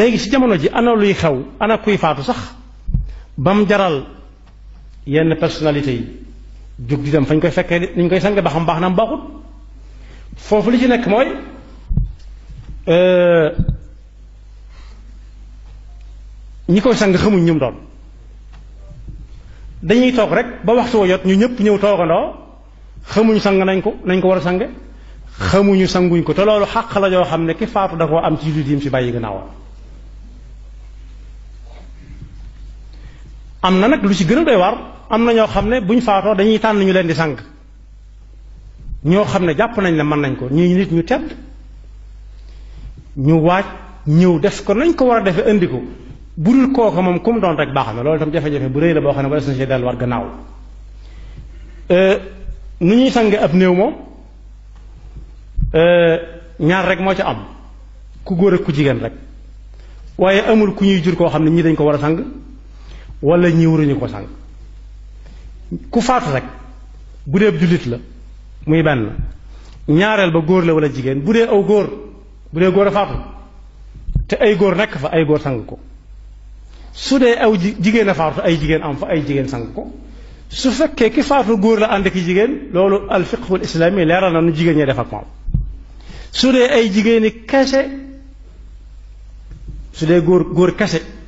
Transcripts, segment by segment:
léegi si jamono ji ana luy xew ana kuy faatu sax ba mu jaral yenn personnalité yi jóg di dem fañ koy fekkee ni ñu koy sange ba na am foofu li ci nekk mooy euh, ñi sang xamuñ ñum doon dañuy toog rek ba wax wa jot ñu ñëpp ñëw toogandoo xamuñ sang nañ ko nañ ko war a sange xamuñu sanguñ ko te loolu xàq la yoo xam ne ki faatu da koo am ci jullit yi mu si bàyyi gannaawam am na nag lu ci gën a doy waar am na ñoo xam ne buñ faatoo dañuy tànn ñu leen di sang ñoo xam ne jàpp nañ ne mën nañ ko ñuy nit ñu tedd ñu waaj ñëw def ko nañ ko war a defee indi ko bu dul kooka moom ku doon rek baax na loolu itam jafe-jafe bu rëy la boo xam ne wala suñu see delluwaat gannaaw euh, nu ñuy sange ab néew moom euh, ñaar rek moo ci am ku góor ak ku jigéen rek waaye amul ku ñuy jur koo xam ne ñii dañ ko war a sang. wala ñi waruñu ko sànq ku faatu rek bu dee jullit la muy benn ñaareel ba góor la wala jigéen bu dee aw góor bu dee góor a faatu te ay góor nekk fa ay góor sang ko su dee aw jigéen a faatu ay jigéen am fa ay jigéen sang ko su fekkee ki faatu góor la ànd ki jigéen loolu al fiqhul islami leeral na nu jigéen ñee def ak moom su dee ay jigéeni kese su dee góor góor kese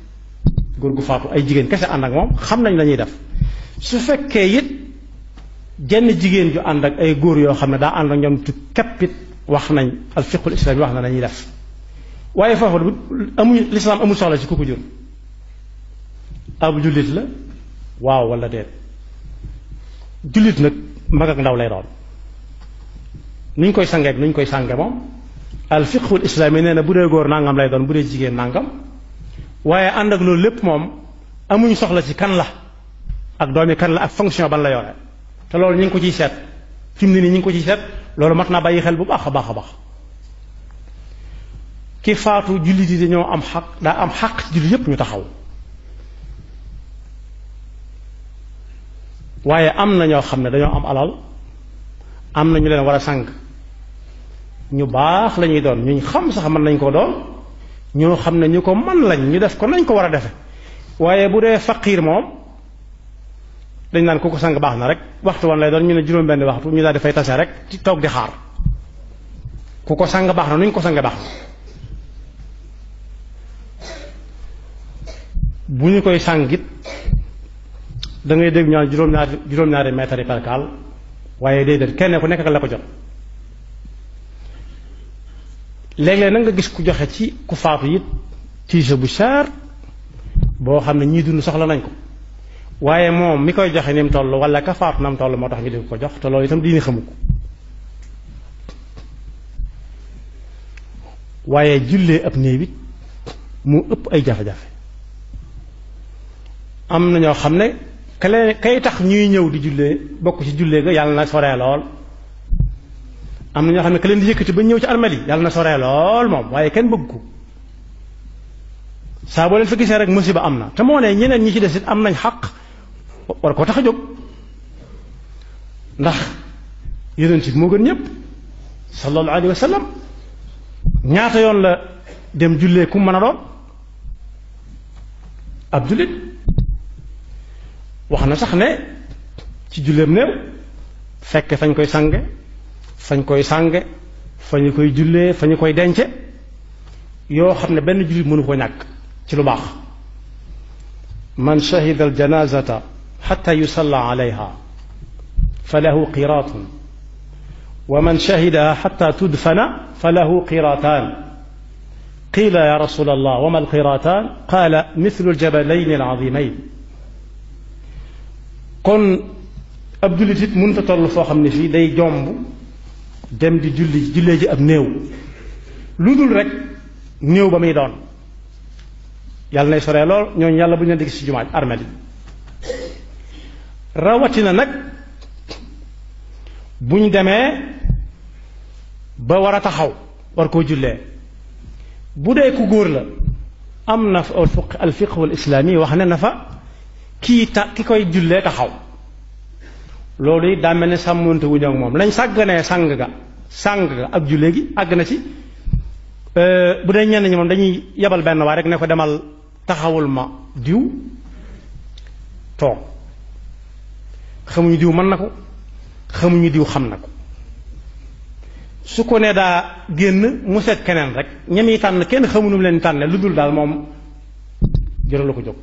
góor gu faatu ay jigéen kese ànd ak moom xam nañ lañuy def su fekkee it jenn jigéen ju ànd ak ay góor yoo xam ne daa ànd ak ñoom tu képp it wax nañ al fiqul wax na la def waaye foofu amuñu lislaam amul soxla ci ku ko jur ab jullit la waaw wala de jullit nag mag ak ndaw lay doon nuñ koy sangeeg nuñ koy sànge moom al fiqul islam nee na bu dee góor nangam lay doon bu dee jigéen nangam waaye ànd ak loolu lépp moom amuñu soxla ci kan la ak doomi kan la ak fonction ban la yore te loolu ñu ngi ko ciy seet fi mu ne nii ñu ngi ko ciy seet loolu mat naa bàyyi xel bu baax a baax a baax ki faatu jullit yi dañoo am xaq daa am xaq ci jullit yépp ñu taxaw waaye am na ñoo xam ne dañoo am alal am na ñu leen war a sàng ñu baax lañuy doon ñu xam sax mën nañ koo doon ñoo xam ne ñu ko man lañ ñu def ko nañ ko war a defe waaye bu dee faqiir moom dañ naan ku ko sang baax na rek waxtu woon lay doon ñu ne juróom benn waxtu ñu daal di fay tase rek ci toog di xaar ku ko sang baax na nuñ ko sang baax na bu ñu koy sàngit da ngay dégg ñaan juróom-ñaari juróom-ñaari mètre yi perkaal waaye déedéet kenn ku nekk la ko jot léeg-léeg nag nga gis ku joxe ci ku faatu it tiise bu cher boo xam ne ñii dund soxla nañ ko waaye moom mi koy joxe ni mu toll wala ka faatu na mu moo tax ñu di ko jox te loolu itam diine xamu ko waaye jullee ab néew it mu ëpp ay jafe-jafe am na ñoo xam ne ka leen kay tax ñuy ñëw di jullee bokk ci jullee ga yàlla na soree lool am na ñoo xam ne ka leen di yëkkati ba ñëw ci armel yi yàlla na soree lool moom waaye kenn bëgg ko saa boo leen fa gisee rek musiba am na te moo ne ñeneen ñi ci des it am nañ xaq war koo tax a jóg ndax yonent bi moo gën ñëpp sallallahu alayhi ñaata yoon la dem jullee ku mën a doon ab jullit wax na sax ne ci julleem néew fekk fañ koy sange fañ koy sànge fa ñu koy jullee fa ñu koy dence yoo xam ne benn jullit mënu ko ñàkk ci lu baax man shahida al janazata xata yusalla alayha fa lahu qiraatun wa man shahidaha xata tudfana fa lahu qiraataan qila ya rasul allah wa ma alqiraataan qaala mithlu aljabalayn alazimayn kon ab jullit it mënta toll foo xam ne fii day jomb dem di julli jullee ji ab néew lu dul rek néew ba muy doon yàlla nay soree lool ñooñu yàlla bu ñu leen di gis ci rawatina nag bu ñu demee ba war a taxaw war koo jullee bu dee ku góor la am na al fiq al fiq wax ne na fa kii ta ki koy jullee taxaw loolu yi daa ne sàmmonte wuñ moom lañ sàgganee sàng ga sàng ga ab ju léegi àgg na ci euh, bu dee ñenn ñi moom dañuy yebal benn waay rek ne ko demal taxawul ma diw toog xamuñu diw mën na ko xamuñu diw xam na ko su ko ne daa génn mu set keneen rek ña muy tànn kenn xamuñu leen tànne lu dul daal moom jëral la ko jóg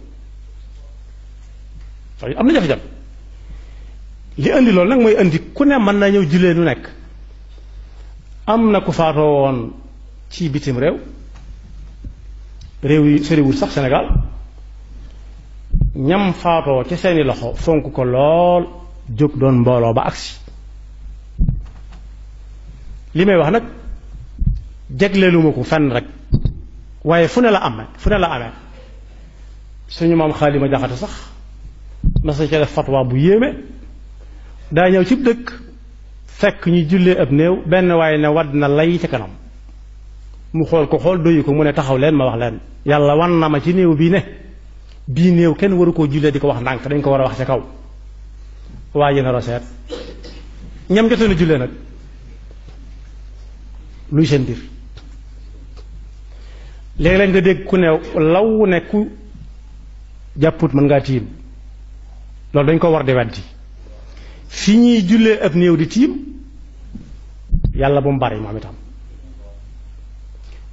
am na jafe-jafe li indi lool nag mooy indi ku ne mën naa ñëw jullee lu nekk am na ku faatoo woon ci bitim réew réew yi soriwul sax Sénégal ñam faatoo ci seeni loxo fonk ko lool jóg doon mbooloo ba agsi li may wax nag jegleelu ma ko fenn rek waaye fu ne la amee fu ne la amee suñu maam xaalima jaxate sax mas na ca def bu yéeme daa ñëw cib dëkk fekk ñu jullee ab néew benn waaye ne wadd na lay ca kanam mu xool ko xool doyu ko mu ne taxaw leen ma wax leen yàlla wan na ma ci néew bii ne bii néew kenn waru koo jullee di ko wax ndànk dañ ko war a wax ca kaw waa ji na roseet ñam jotoon a jullee nag luy seen mbir léeg-léeg nga dégg ku ne law ne ku jàpput mën ngaa tiim loolu dañ ko war di weddi fi ñuy jullee ab néew di tiim yàlla bu mu bari moom itam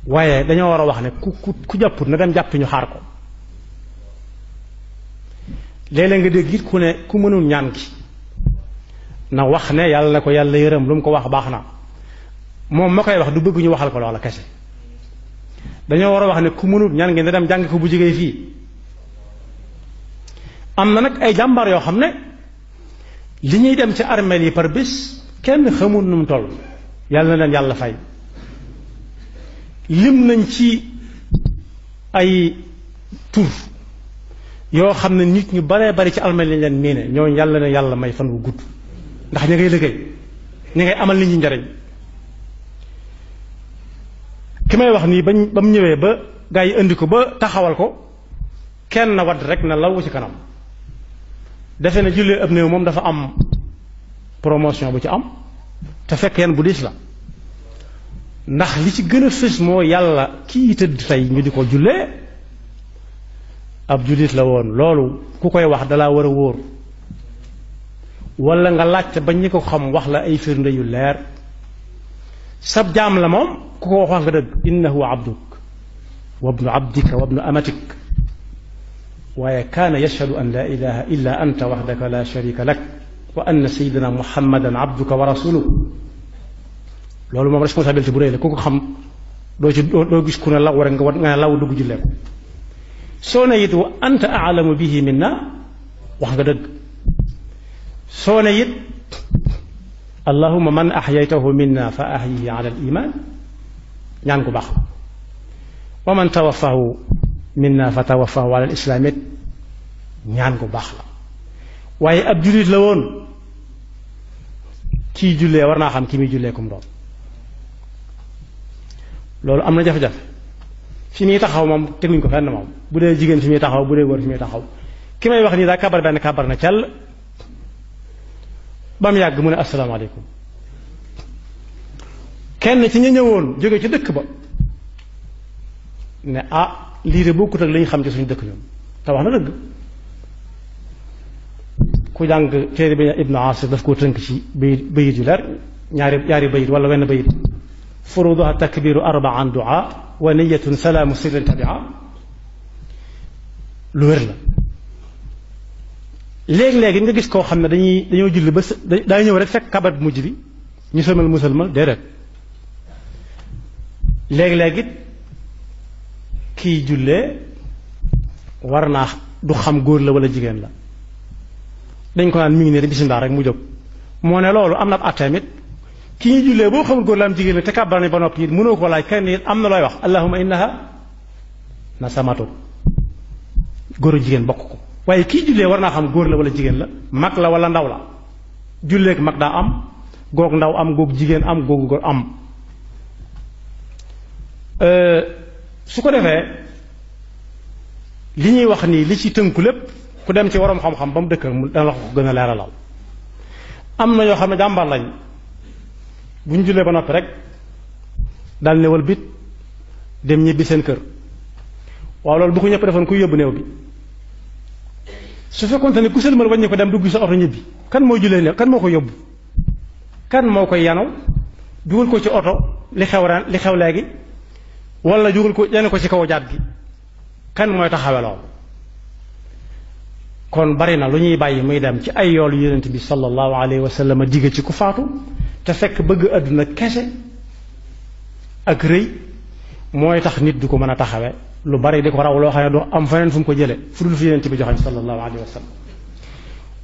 waaye dañoo war a wax ne ku ku ku jàpput na dem jàppi ñu xaar ko léeg-léeg nga dégg it ku ne ku mënul ñaan gi na wax ne yàlla na ko yàlla yërëm lu mu ko wax baax na moom ma koy wax du bëgg ñu waxal ko loola kese dañoo war a wax ne ku mënul ñaan gi na dem jàng ko bu jógee fii am na nag ay jàmbar yoo xam ne li ñuy dem ci armeel yi par bés kenn xamul nu mu toll yàlla na leen yàlla fay lim nañ ci ay tur yoo xam ne nit ñu baree bari ci armeel lañ leen miine ñoo yàlla na yàlla may fan wu gudd ndax ña ngay liggéey ña ngay amal nit ñi njariñ ki may wax nii bañ ba mu ñëwee ba gaa yi indi ko ba taxawal ko kenn wadd rek na law ci kanam defe ne jullee ab néew moom dafa am promotion bu ci am te fekk yan bu la ndax li ci gën a fës moo yàlla kii tëdd tey ñu di ko jullee ab jullit la woon loolu ku koy wax dalaa war a wóor wala nga laajte ba ñi ko xam wax la ay firnde yu leer sab jaam la moom ku ko wax wax nga dëgg innahu abduk wa bnu abdika wa bnu amatik waaye kaana yashhadu an laa ilaha illa anta waxdaka la sharika lak wa anna sayidana muhammadan abduka wa rasuluh loolu moom responsabilité bu rëy la ku ko xam doo ci doo gis ku ne law rek nga war nga ne law dugg jullee ko soo ne it wa anta aalamu bihi minna wax nga dëgg soo ne it allahuma man axyaytahu minna fa ahyihi ala al iman ñaan ku baax wa man tawafahu minna fatawafa wala islaam it ñaan ku baax la waaye ab jullit la woon kiy jullee war naa xam ki muy jullee kum doon loolu am na jafe-jafe fi muy taxaw moom teguñ ko fenn moom bu dee jigéen fi muy taxaw bu dee góor fi muy taxaw ki may wax nii daal kabar benn kabar na cell ba yàgg mu ne asalaamaaleykum kenn ci ñu ñëwoon jóge ci dëkk ba ne ah lii de bokkut ak lañu xam ci suñu dëkk ñoom te wax na dëgg ku jàng téere bi Ibnu Asir daf koo tënk ci bayit bayit yu leer ñaari ñaari bayit wala wenn bayit furuduha takbiru arbaan dua wa niyatun salaamu sirrin tabia lu wér la léegi-léegi nga gis koo xam ne dañuy dañoo julli ba daa ñëw rek fekk kabat bu mujj bi ñu sëlmal musalmal déedéet léegi-léegi kii jullee war naa du xam góor la wala jigéen la dañ ko naan mi ngi ne rek mu jóg moo ne loolu am na ab tamit ki ñuy jullee boo xamul góor la am jigéen la te kàbbar nañ ba noppi it ko laaj kenn it am na looy wax allahumma innaha na samatu góor jigéen bokk ko waaye kii jullee war naa xam góor la wala jigéen la mag la wala ndaw la julleeg mag daa am góor ndaw am goog jigéen am googu góor am euh, su ko defee li ñuy wax nii li ci tënku lépp ku dem ci waroom xam-xam ba mu dëkk mu dana wax ko gën a leeralal am na ñoo xam ne jàmbaar lañ bu ñu jullee ba noppi rek dal néewal bit dem ñibbi seen kër waaw loolu bu ko ñëpp defoon kuy yóbbu néew bi su fekkoonte ne ku sëlmal wàññi ko dem dugg sa oto ñibbi kan moo jullee néew kan moo ko yóbbu kan moo ko yanaw dugal ko ci oto li xew li xew léegi wala jógal ko yenn ko ci kaw jaat gi kan mooy taxawe kon bari na lu ñuy bàyyi muy dem ci ay yoolu yonent bi sallallahu alayhi wa sallam digg ci ku faatu te fekk bëgg àdduna kese ak rëy mooy tax nit du ko mën a taxawe lu bari di ko raw loo xam ne du am feneen fu mu ko jële fu dul fi yonent bi joxañ sallallahu alayhi wa sallam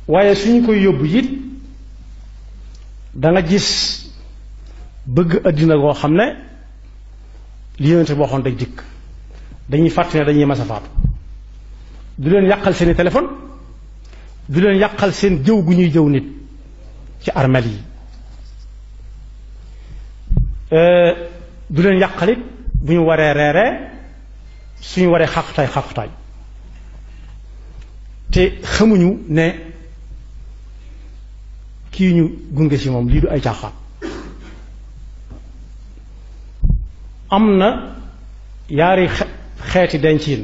waaye suñu koy yóbbu it da gis bëgg àddina goo xam ne li yonent bi waxoon day dikk dañuy fàttali ne dañuy masa a faatu du leen yàqal seeni téléphone du leen yàqal seen jëw gu ñuy jëw nit ci armel yi euh, du leen yàqalit bu ñu waree reeree suñu waree xaqutaay xaqutaay te xamuñu ne kii ñu gunge si moom lii du ay caaxaan am na yaari xeeti dencin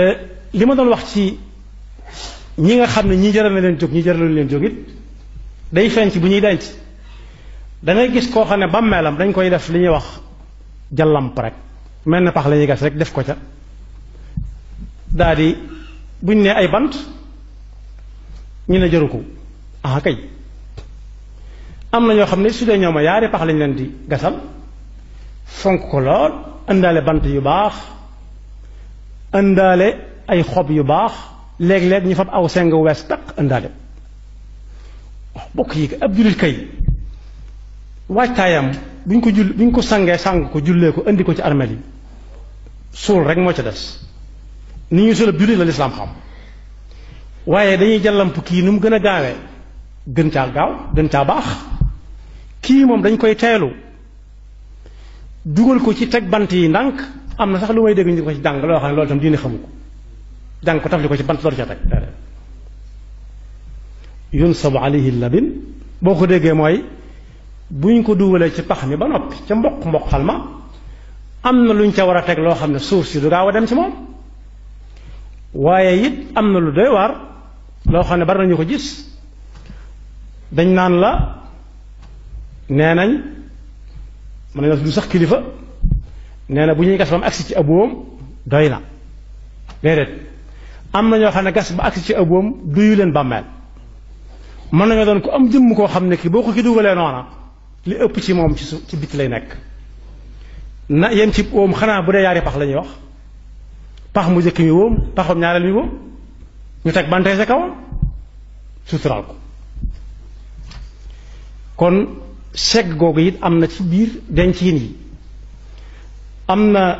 euh, li ma doon wax ci ñi nga xam ne ñi jëral na leen jóg ñi jaralu leen jóg it day feeñ ci bu ñuy denc dangay gis koo xam ne bàmmeelam dañ koy def li ñuy wax jallamp rek mel na pax la gas rek def ko ca daa di buñ ne ay bant ñu ne jaru ko ah kay am na ñoo xam ne su dee ñoom yaari pax lañ leen di gasal fonk ko lool indaale bant yu baax indaale ay xob yu baax léeg-léeg ñu fab aw seng wees taq indaale wax oh, yi ab jullit kay waajtaayam ko jull bu ko sangee sàng ko jullee ko indi ko ci armeel yi suul rek moo ca des ni ñuy sula jullit la lislaam xam waaye dañuy jàllamp kii nu mu gën a gaawee gën caa gaaw gën caa baax kii moom dañ koy teelu dugal ko ci teg bant yi ndànk am na sax lu may dégg ñu ko ci dàng loo xam ne loolu tam diine xamu ko dàng ko tafli ko ci bant door ca teg yunsabu alayhi labin boo ko déggee mooy buñ ko dugalee ci pax mi ba noppi ca mboq mboqal ma am na luñ ca war a teg loo xam ne suuf si du gaaw a dem ci moom waaye it am na lu doy waar loo xam ne bari nañu ko gis dañ naan la nee nañ mën nañu du sax kilifa nee na bu ñuy gas ba mu agsi ci aboom doy na déedéet am na ñoo xam ne gas ba agsi ci aboom duyu leen bàmmeel mën nañoo doon ku am jëmm koo xam ne ki boo ko ki dugalee noona li ëpp ci moom ci su ci bitti lay nekk na yem ci oom xanaa bu dee yaari pax lañuy wax pax mu jëkk mi wóom paxam ñaareel mi wóom ñu teg bantee sa kawam ko kon segg googu it am na ci biir denc dencin yi am na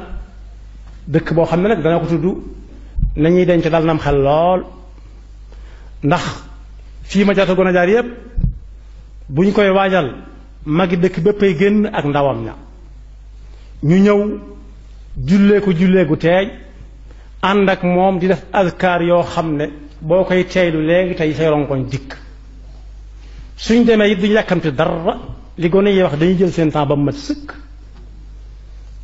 dëkk boo xam ne nag dana ko tudd nañuy denc dal nam xel lool ndax fii ma jaata gone jaar yépp bu ñu koy waajal magi dëkk béppay génn ak ndawam ña ñu ñëw julleeku julleeku teej ànd ak moom di def azkaar yoo xam ne boo koy teeylu léegi tey say ronkoñ dikk suñ demee it duñu yàkkamte dara li gone yi wax dañuy jël seen temps ba mu mat sëkk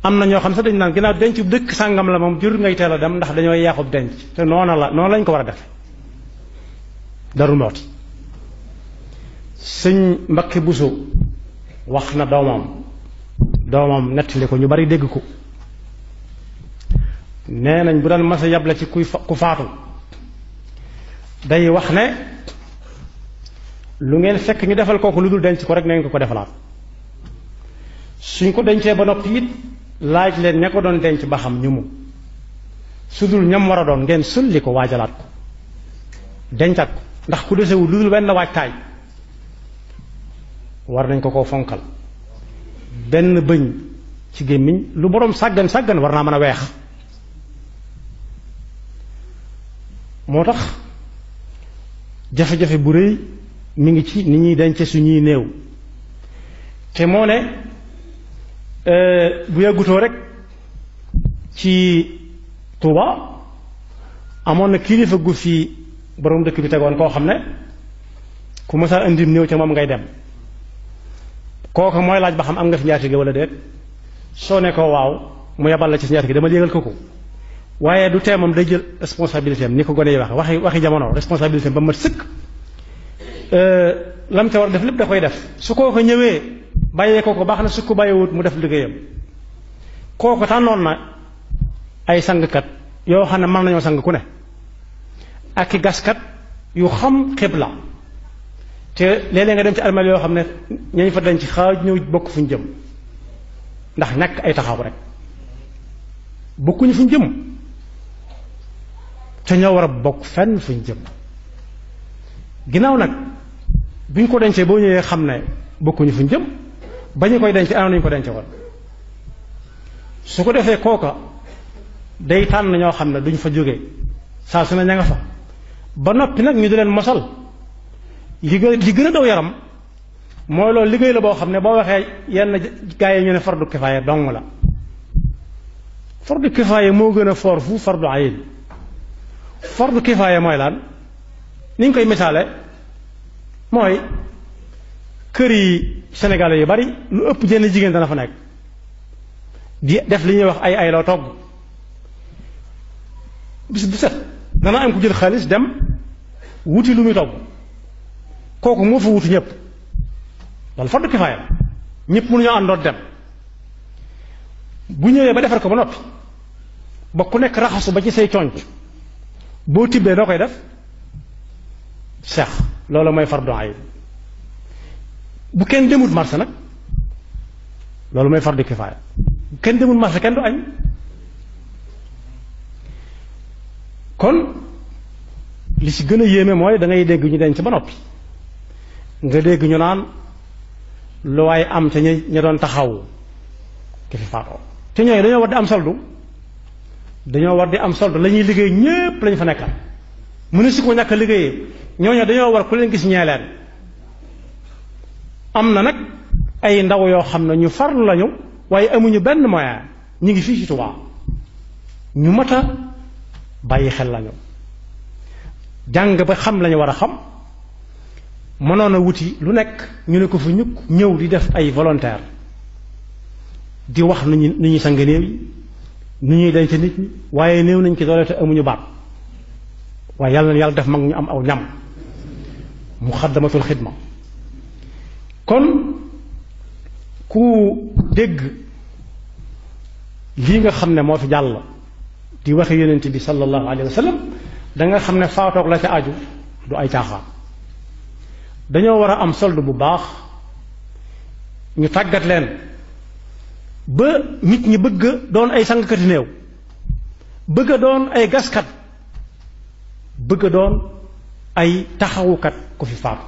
am na ñoo xam sax dañ naan ginnaaw denc dëkk sàngam la moom jur ngay teel dem ndax dañoo yàqub denc te noona la noonu lañ ko war a def darul mooti sëñ Mbakke Buso wax na doomam doomam nettali ko ñu bari dégg ko nee nañ bu daan mas a la ci kuy ku faatu day wax ne lu ngeen fekk ñu defal kooku lu dul denc ko rek na ngeen ko ko defalaat suñ ko dencee ba nopp it laaj leen ña ko doon denc ba xam ñu mu su dul ñam war a doon ngeen sulli ko waajalaat ko dencaat ko ndax ku desewul lu dul benn waajtaay war nañ ko koo fonkal benn bëñ ci gémmiñ lu boroom sàggan sàggan war naa mën a weex moo tax jafe-jafe bu rëy mi ngi ci ni ñuy denc suñuy néew te moo ne euh, bu yàggutoo rek ci Tuuba amoon na kilifa gu fi borom dëkk bi tegoon koo xam ne ku mësa indi néew ca moom ngay dem kooku mooy laaj ba xam am nga fi njaatige wala déet soo ne ko waaw mu yabal la ci si njaatige dama yëgal ko ko waaye du tee moom day jël responsabilité am ni ko gone a waxe waxi waxi jamono responsabilité am ba mat sëkk Euh, lam ca war def lépp da koy def su koo ko ñëwee bàyyee ko ko baax na su ko bàyyiwut mu def liggéeyam kooko tànnoon na ay sangkat yoo xam ne mën nañoo sang ku ne gaskat yu xam xibla te léeg-léeg nga dem ci armeel yoo xam ne ñañ fa dañ ci xaaj ñëw bokk fu ñu jëm ndax ñàkk ay taxaw rek bokkuñu fu ñu jëm te ñoo war a bokk fenn fu ñu jëm ginnaaw nag bi ñu ko dencee boo ñëwee xam ne bokkuñu fuñ jëm ba ñu koy denc ana nañu ko denc woon su ko defee kooka day tànn ñoo xam ne duñ fa jóge saa su ne ña nga fa ba noppi nag ñu di leen mosal li gën li gën a daw yaram mooy loolu liggéey la boo xam ne boo waxee yenn gaa yi ñu ne fardu kifaaya dong la fardu kifaaya moo gën a foor fu fardu ayin fardu kifaaya mooy laan ni koy misaale mooy kër yi sénégalais yu bari lu ëpp jenn jigéen dana fa nekk di def li ñuy wax ay ay loo togg bis bu set dana am ku jël xaalis dem wuti lu muy togg kooku moo fa wuti ñëpp loolu fardu kifaaya ñëpp mënuñoo àndoon dem bu ñëwee ba defar ko ba noppi ba ku nekk raxasu ba ci say conc boo tibbee doo koy def seex loolu mooy fardu ayn bu kenn demut marché nag loolu mooy fardu kifaaya bu kenn demut marché kenn du añ kon li ci gën a yéeme mooy dangay ngay dégg ñu denc ba noppi nga dégg ñu naan lu waaye am ca ñi taxaw ki fi faatoo am soldu dañoo war di am soldu la ñuy liggéey ñépp lañu fa nekkal mu ne su ko ñàkk liggéeyee ñooñu dañoo war ku leen gis ñeeleen am na nag ay ndaw yoo xam ne ñu farlu lañu waaye amuñu benn moyen ñu ngi fii ci Tuubaa ñu mat a bàyyi xel lañu jàng ba xam lañu war a xam mënoon a wuti lu nekk ñu ne ko fu ñukk ñëw di def ay volontaire di wax nu ñu nu ñuy sang néew yi nu ñuy denc nit ñi waaye néew nañ ci doole amuñu baat waaye yàlla na yàlla def mag ñu am aw ñam muxaddamatul xidma kon ku dégg lii nga xam ne moo fi jàll di waxe yonent bi sallallahu alayhi wa danga xam ne faatoog la ca aju du ay caaxaan dañoo war a am solde bu baax ñu tàggat leen ba nit ñi bëgg doon ay sangkati néew bëgg doon ay gaskat bëgg doon ay taxawukat ku fi faatu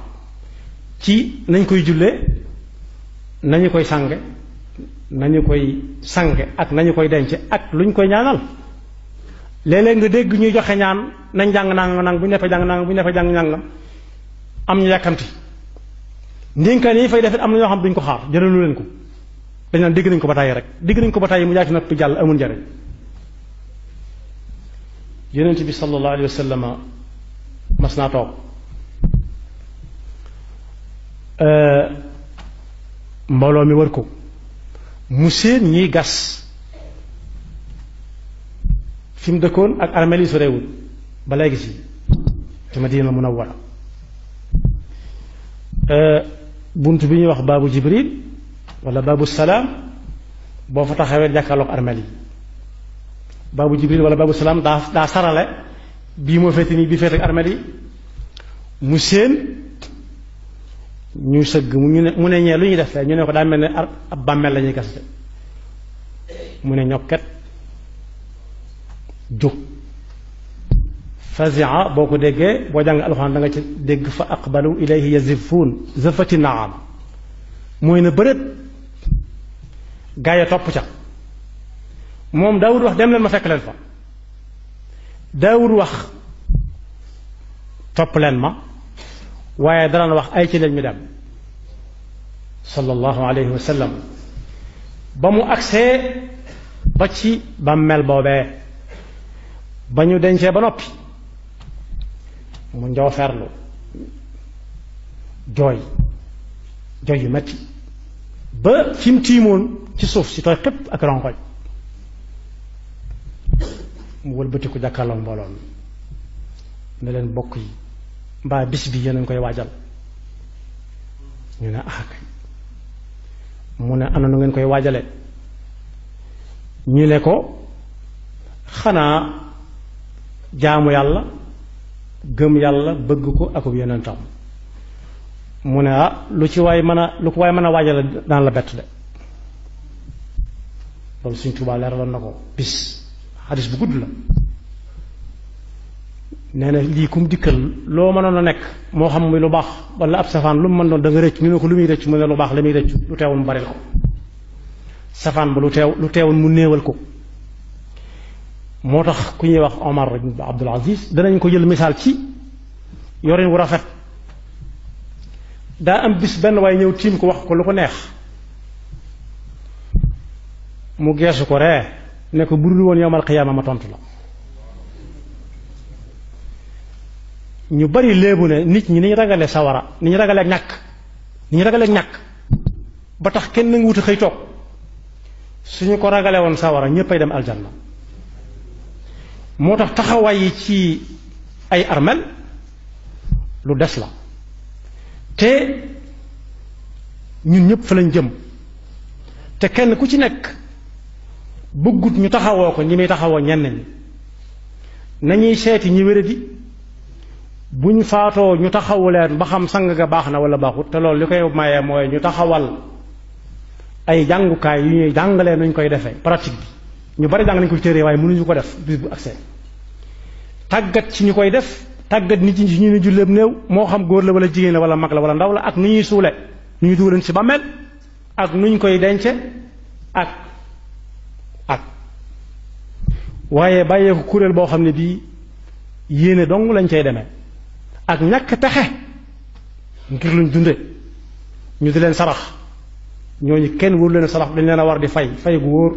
ci nañ koy jullee nañu koy sange nañu koy sange ak nañu koy dence ak luñ koy ñaanal léeg-léeg nga dégg ñuy joxe ñaan nañ jàng nangam nangam bu ñu defee jàng nangam bu ñu defee jàng nangam am ñu yàkkamti ndénkaan yi fay defit am na ñoo xam duñ ko xaar jëralu leen ko dañ naan dégg nañ ko ba tàyyi rek dégg nañ ko ba tàyyi mu jaay ci noppi jàll amul njariñ yonent bi sallallahu alayhi wa mas naa toog euh, mbooloo mi wër ko mu seen gas fi mu dëkkoon ak armeel yi sorewul ba léegi si ci Madina Munawwara euh, bunt bi ñuy wax baabu Jibril wala baabu salaam boo fa taxawee jàkkaarloog armeel yi baabu Jibril wala baabu salaam daa daa sarale bii moo féete nii bii féete ak armel mu séen ñu sëgg mu ñu ne mu ne ñee lu ñuy def fee ñu ne ko daa mel ne ab bàmmeel la ñuy gas mu ne ñokket jóg fazia boo ko déggee boo jàng alxuraan da nga ci dégg fa aqbalu ilayhi yazifuun zafati naam mooy na bërët gaa yi topp ca moom daawul wax dem leen ma fekk leen fa daawul wax topp leen ma waaye danaan wax ay ci leen ñu dem sallallahu alayhi wa sallam ba mu agsee ba ci bàmmeel boobee ba ñu dencee ba noppi mu njooferlu jooy jooy yu metti ba fi tiimoon ci suuf si tooy xëpp ak rongoñ mu wëlbatiku jàkkaarloo mbooloo mi ne leen bokk yi mbaa bis bi yéen koy waajal ñu ne ah kay mu ne ana nu ngeen koy waajale ñu ne ko xanaa jaamu yàlla gëm yàlla bëgg ko yeneen yonentam mu ne ah lu ci waay mën a lu ko waay mën a waajale daan la bett de loolu Sëñ Tuubaa leeraloon na ko bis xadis bu gudd la nee na lii kum dikkal loo mënoon a nekk moo xam muy lu baax wala ab safaan lu mu mën doon da nga rëcc ñu ko lu muy rëcc mu ne lu baax la muy rëcc lu teewoon mu baril ko safaan ba lu teew mu néewal ko moo tax ku ñuy wax Omar ibn Abdul Aziz danañ ko jël misaal ci yorin wu rafet daa am bis benn waaye ñëw tiim ko wax ko lu ko neex mu geesu ko ree ne ko bu dul woon yaa xiyaama ma tontu la ñu bari léebu ne nit ñi ni ragale sawara ni ñu ragale ñàkk ni ragale ñàkk ba tax kenn nangu wuti xëy toog suñu ko ragale woon sawara ñépp ay dem aljanna moo tax taxawaay yi ci ay armel lu des la te ñun ñépp fa lañ jëm te kenn ku ci nekk bëggut ñu taxawoo ko ñi muy taxawoo ñenn ñi nañuy seeti ñi wéradi buñ faatoo ñu taxawu leen ba xam sang ga baax na wala baaxut te loolu li koy maye mooy ñu taxawal ay jàngukaay yu ñuy jàngalee nuñ koy defee pratique bi ñu bari jàng nañ ko ci téere waaye mënuñu ko def bis bu accès tàggat ci ñu koy def tàggat nit ñi ci ñu ne julleeb néew moo xam góor la wala jigéen la wala mag la wala ndaw la ak nu ñuy suule nu ñuy dugaleen ci bàmmeel ak nuñ koy dence ak waaye bàyyee kuréel boo xam ne bii yéene dong lañ cay deme ak ñàkk taxe ngir luñ dunde ñu di leen sarax ñooñu kenn wóor leen sarax dañ leen a war di fay fay gu wóor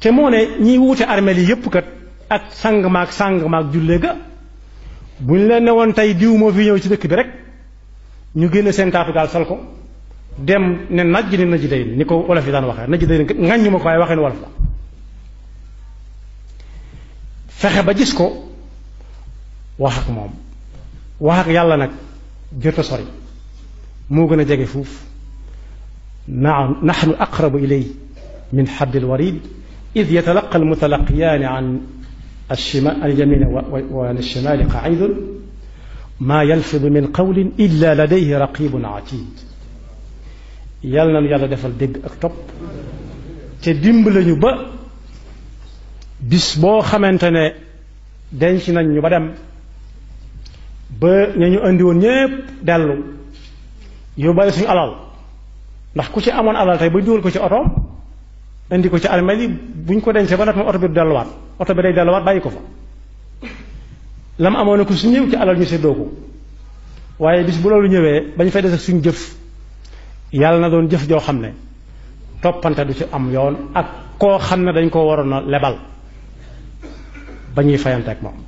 te moo ne ñiy wuute armeel yi yépp kat ak sang maag sang maag jullee ga buñ leen ne woon tey diw moo fi ñëw ci dëkk bi rek ñu génne seen kaatu gaal sal ko dem ne najj ni najj day ni ko wolof yi daan waxee najj day ngañ ma ko waaye waxee nu wolof la fexe ba gis ko wax ak moom wax ak yàlla nag jot a sori moo gën a jege fuuf na naxnu aqrabu ilay min xablil warid id yatalaqa almutalaqiyaani an alchimal an alyamini wa an alchimali qacidun maa yalfidu min qawlin illa ladayhi raqibun atid yàlla nanu yàlla defal dégg ak topp te dimb lañu ba bis boo xamante ne denc nañ ñu ba dem ba ñu indi woon ñépp dellu yóbbaale suñu alal ndax ku ci amoon alal tey buñ dugal ko ci oto indi ko ci armeel yi buñ ko dencee ba nag moom oto bi du delluwaat oto bi day delluwaat bàyyi ko fa lam amoon na ku su ñëw ci alal ñu séddoo ko waaye bis bu loolu ñëwee bañ fay des ak suñu jëf yàlla na doon jëf joo xam ne toppante du ci am yoon ak koo xam ne dañ ko waroon a lebal ba ñuy fayante ak moom